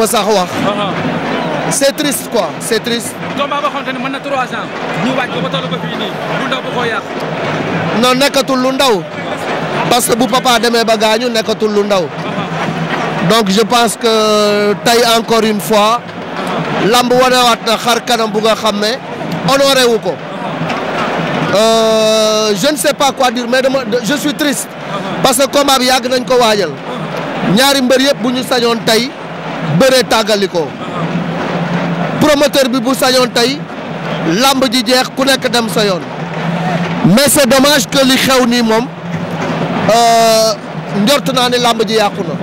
ma sax wax. Uh-huh. c'est triste quoi c'est triste. combat xamante ni mën na trois ans lu ndaw nekkatul lu ndaw parce que bu papa demee ba gaañu nekkatul lu ndaw uh-huh. donc je pense que tey encore une fois lamb wanewaat na xar kanam bu nga xam ne honoré wu ko uh-huh. euh, je ne sais pas quoi dire mais je suis triste parce que combat bi yàgg nañ ko waajal ñaari mbër yëpp bu ñu sañoon tey. bëree tàggalikoo promoteur bi bu sañoon tey làmb ji jeex ku nekk dem sa yoon mais c'est dommage que xew nii moom euh, njort naa ne làmb ji yàqu na.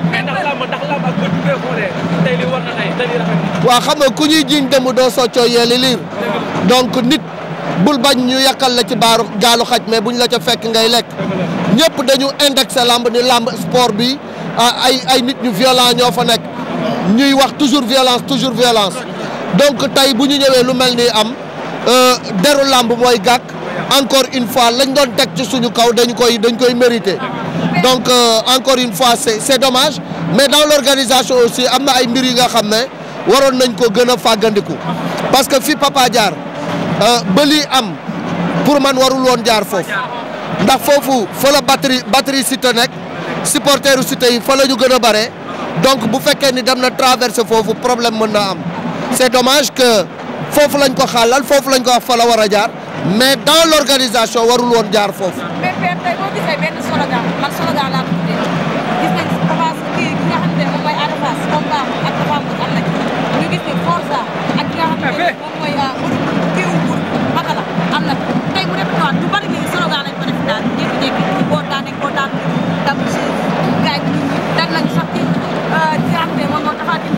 waaw xam nga ku ñuy jiiñ dem doo soccoo yeeli liir donc nit bul bañ ñu yàqal la ci baaru gaalu xaj mais buñ la ca fekk ngay lekk ñëpp dañu indexé làmb ni làmb sport bi ah, ay ay nit ñu violent ñoo fa nekk ñuy wax toujours violence toujours violence donc tey bu ñu ñëwee lu mel ni am euh, deru làmb mooy gàkk encore une fois lañ doon teg ci suñu kaw dañu koy dañ koy mérité donc euh, encore une fois c'est c'est dommage mais dans l'organisation aussi am na ay mbir yi nga xam ne waroon nañ ko gën a fàggandiku parce que fi papa jaar euh, ba lii am pour man warul woon jaar foofu ndax foofu fa la batterie batterie Siteu nekk supporteru Siteu yi fa la ñu gën a bare donc bu fekkee ni dem na traversé foofu problème mën na am c'est dommage que foofu lañ ko xàllal foofu lañ ko wax fa war a jaar mais dans l'organisation warul woon jaar foofu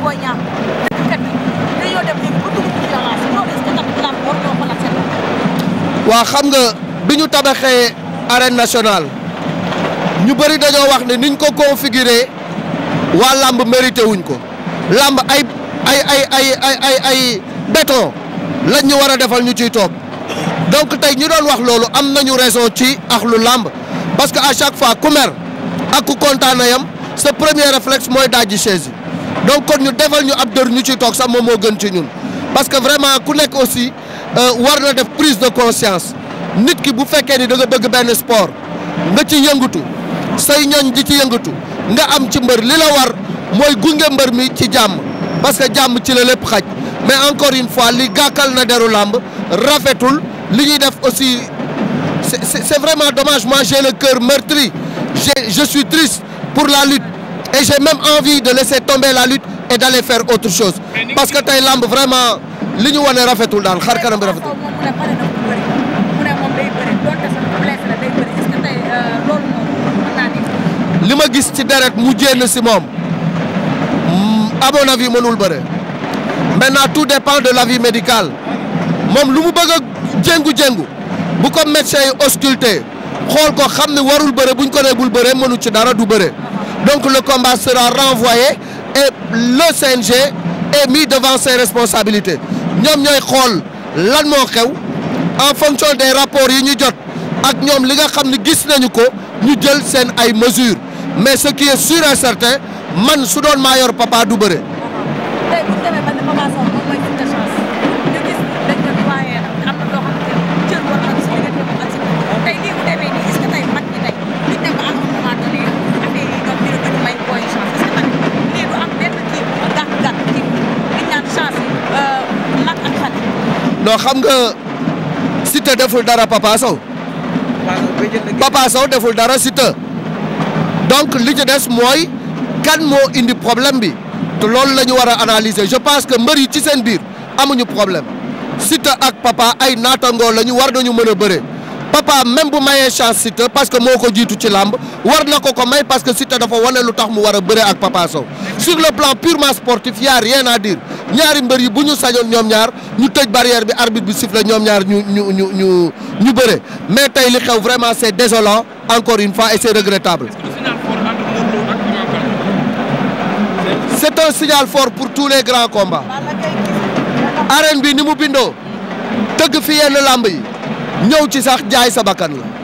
Boy xam nga bi ñu tabaxee arène nationale ñu bëri dañoo wax ne niñ ko configuré waa làmb mérité wuñ ko làmb ay ay ay ay ay ay ay béton lañ ñu war a defal ñu ciy toog donc tey ñu doon wax loolu am nañu raison ci ax lu lamb parce que à chaque fois ku mer ak ku kontaan yam sa premier réflexe mooy dajji chaise yi donc kon ñu defal ñu ab dër ñu ciy toog sax moom moo gën ci ñun parce que vraiment ku nekk aussi euh, war na def prise de conscience nit ki bu fekkee ni da nga bëgg benn sport nga ci yëngatu say ñoñ di ci yëngatu nga am ci mbër li la war mooy gunge mbër mi ci jàmm parce que jàmm ci la lépp xaj mais encore une fois li gàkkal na deru làmb rafetul li ñuy def aussi c'est c'est vraiment dommage moi j'ai le cœur meurtri je je suis triste pour la lutte et j'ai même envie de laisser tomber la lutte et d'aller faire autre chose parce que tey lamb vraiment li ñu wane rafetul daal xar kanam bi rafetul. Euh, li ma gis ci deret mu jénn si moom mm, à mon mënul bëre maintenant tout dépend de l'avis médical moom lu mu bëgg a jéngu-jéngu bu ko médecin yi ausculté xool ko xam ne warul bëre buñ ko nee bul bëre mënu ci dara du bëre. Donc le combat sera renvoyé et le CNG est mis devant ses responsabilités ñoom ñooy xool lan moo xew en fonction des rapports yi ñu jot ak ñoom li nga xam ne gis nañu ko ñu jël seen ay mesures mais ce qui est sûr et certain man su doon maa yor papa du bëre. non xam nga Siteu deful dara Papa Sow. Papa Sow deful dara Siteu. donc li ci des mooy kan moo indi problème bi te loolu la ñu war a analyser je pense que mbër yi ci seen biir amuñu problème Siteu ak Papa ay naatangoo la ñu war nañu mën a bëre. Papa même bu mayee chance Siteu parce que moo ko jiitu ci làmb war na ko ko may parce que Siteu dafa wane lu tax mu war a bëre ak Papa Sow sur le plan purement sportif y a rien à dire. ñaari mbër yi bu ñu sañoon ñoom ñaar ñu tëj barrière bi arbitre bi siffle ñoom ñaar ñu ñu ñu ñu ñu bëre mais tey li xew vraiment c'est désolant encore une fois et c'est regrettable. c'est un signal fort pour tous les grands combats. arène bi ni mu bindoo tëgg fi yenn làmb yi ñëw ci sax jaay sa bakkan la.